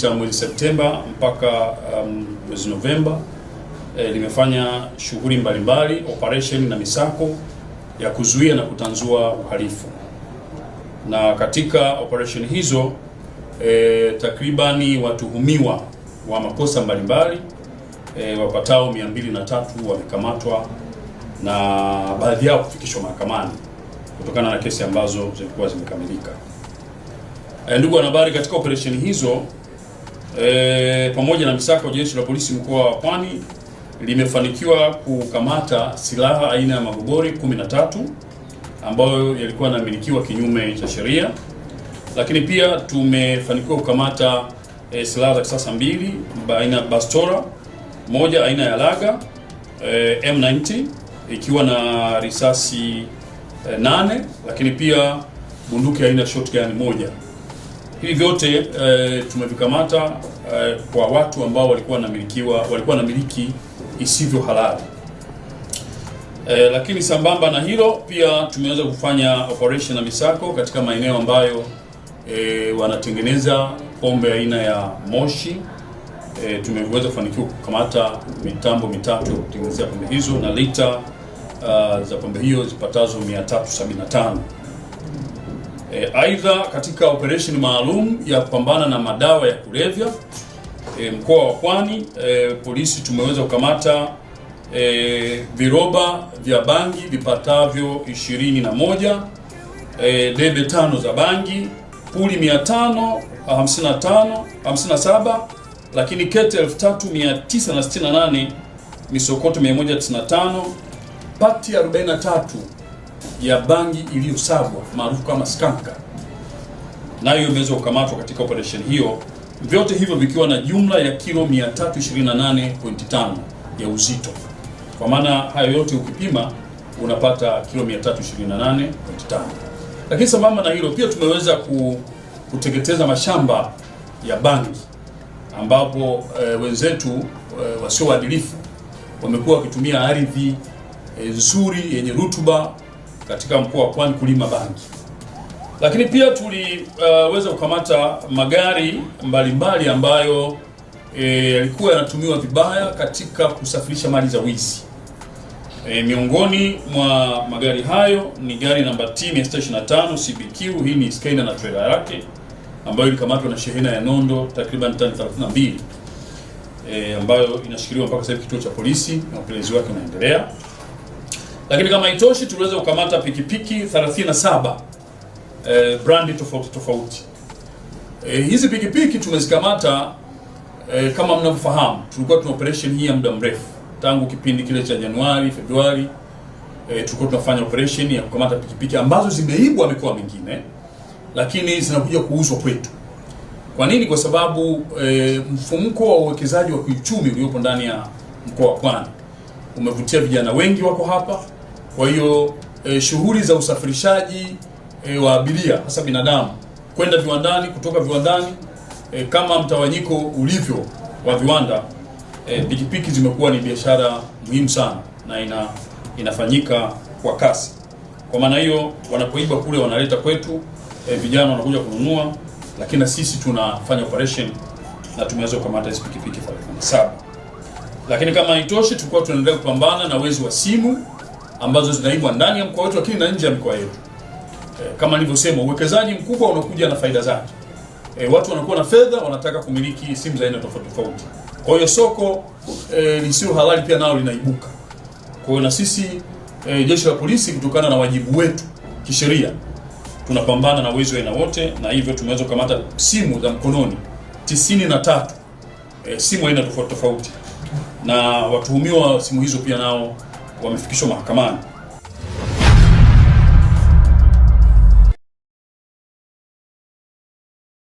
cha mwezi Septemba mpaka um, mwezi um, Novemba e, eh, limefanya shughuli mbalimbali, operation na misako ya kuzuia na kutanzua uhalifu, na katika operation hizo e, takribani watuhumiwa wa makosa mbalimbali e, wapatao 203 wamekamatwa na baadhi yao kufikishwa mahakamani kutokana na kesi ambazo zilikuwa zimekamilika. E, ndugu wanahabari, katika operesheni hizo e, pamoja na misako, jeshi la polisi mkoa wa Pwani limefanikiwa kukamata silaha aina ya magobori 13 ambayo yalikuwa yanamilikiwa kinyume cha sheria, lakini pia tumefanikiwa kukamata e, silaha za kisasa mbili aina ya bastola moja aina ya laga e, M90 ikiwa na risasi e, nane, lakini pia bunduki aina shotgun moja. Hivi vyote e, tumevikamata e, kwa watu ambao walikuwa wanamilikiwa walikuwa wanamiliki isivyo halali e, lakini sambamba na hilo pia tumeweza kufanya operation na misako katika maeneo ambayo e, wanatengeneza pombe aina ya moshi. E, tumeweza kufanikiwa kukamata mitambo mitatu kutengenezea pombe hizo na lita uh, za pombe hiyo zipatazo 375. E, aidha katika operesheni maalum ya kupambana na madawa ya kulevya e, mkoa wa Pwani e, polisi tumeweza kukamata e, viroba vya bangi vipatavyo 21 na moja e, debe tano za bangi, puli 555 57 lakini kete 3968 misokoto 195 pati 43 ya bangi iliyosagwa maarufu kama skanka, nayo imeweza kukamatwa katika operesheni hiyo, vyote hivyo vikiwa na jumla ya kilo 328.5 ya uzito. Kwa maana hayo yote ukipima unapata kilo 328.5. Lakini sambamba na hilo pia tumeweza kuteketeza mashamba ya bangi ambapo e, wenzetu e, wasio waadilifu wamekuwa wakitumia ardhi eh, nzuri e, yenye rutuba katika mkoa wa Pwani kulima bangi, lakini pia tuliweza uh, kukamata magari mbalimbali mbali ambayo e, yalikuwa e, yanatumiwa vibaya katika kusafirisha mali za wizi. E, miongoni mwa magari hayo ni gari namba T 625 CBQ. Hii ni Scania na trailer yake ambayo ilikamatwa na shehena ya nondo takriban tani 32 e, ambayo inashikiliwa mpaka sasa hivi kituo cha polisi na upelelezi wake unaendelea. Lakini kama itoshi tuliweza kukamata pikipiki 37 e, brandi tofauti tofauti. e, hizi pikipiki tumezikamata e, kama mnavyofahamu, tulikuwa tuna operation hii ya muda mrefu tangu kipindi kile cha Januari, Februari e, tulikuwa tunafanya operation ya kukamata pikipiki ambazo zimeibwa mikoa mingine lakini zinakuja kuuzwa kwetu. Kwa nini? Kwa sababu e, mfumko wa uwekezaji wa kiuchumi uliopo ndani ya mkoa wa Pwani umevutia vijana wengi wako hapa. Kwa hiyo e, shughuli za usafirishaji e, wa abiria hasa binadamu kwenda viwandani kutoka viwandani e, kama mtawanyiko ulivyo wa viwanda e, pikipiki zimekuwa ni biashara muhimu sana na ina, inafanyika kwa kasi. Kwa maana hiyo wanapoiba kule wanaleta kwetu e, vijana wanakuja kununua, lakini na sisi tunafanya operation na tumeweza kukamata hizo pikipiki 37. Lakini kama haitoshi, tulikuwa tunaendelea kupambana na wezi wa simu ambazo zinaibwa ndani ya mkoa wetu, lakini na nje ya mkoa yetu. E, kama nilivyosema, uwekezaji mkubwa unakuja na faida zake. E, watu wanakuwa na fedha, wanataka kumiliki simu za aina tofauti tofauti. Kwa hiyo soko e, lisio halali pia nao linaibuka. Kwa hiyo na sisi e, jeshi la polisi kutokana na wajibu wetu kisheria tunapambana na wezi wa aina wote, na hivyo tumeweza kukamata simu za mkononi tisini na tatu e, simu aina tofauti tofauti, na watuhumiwa simu hizo pia nao wamefikishwa mahakamani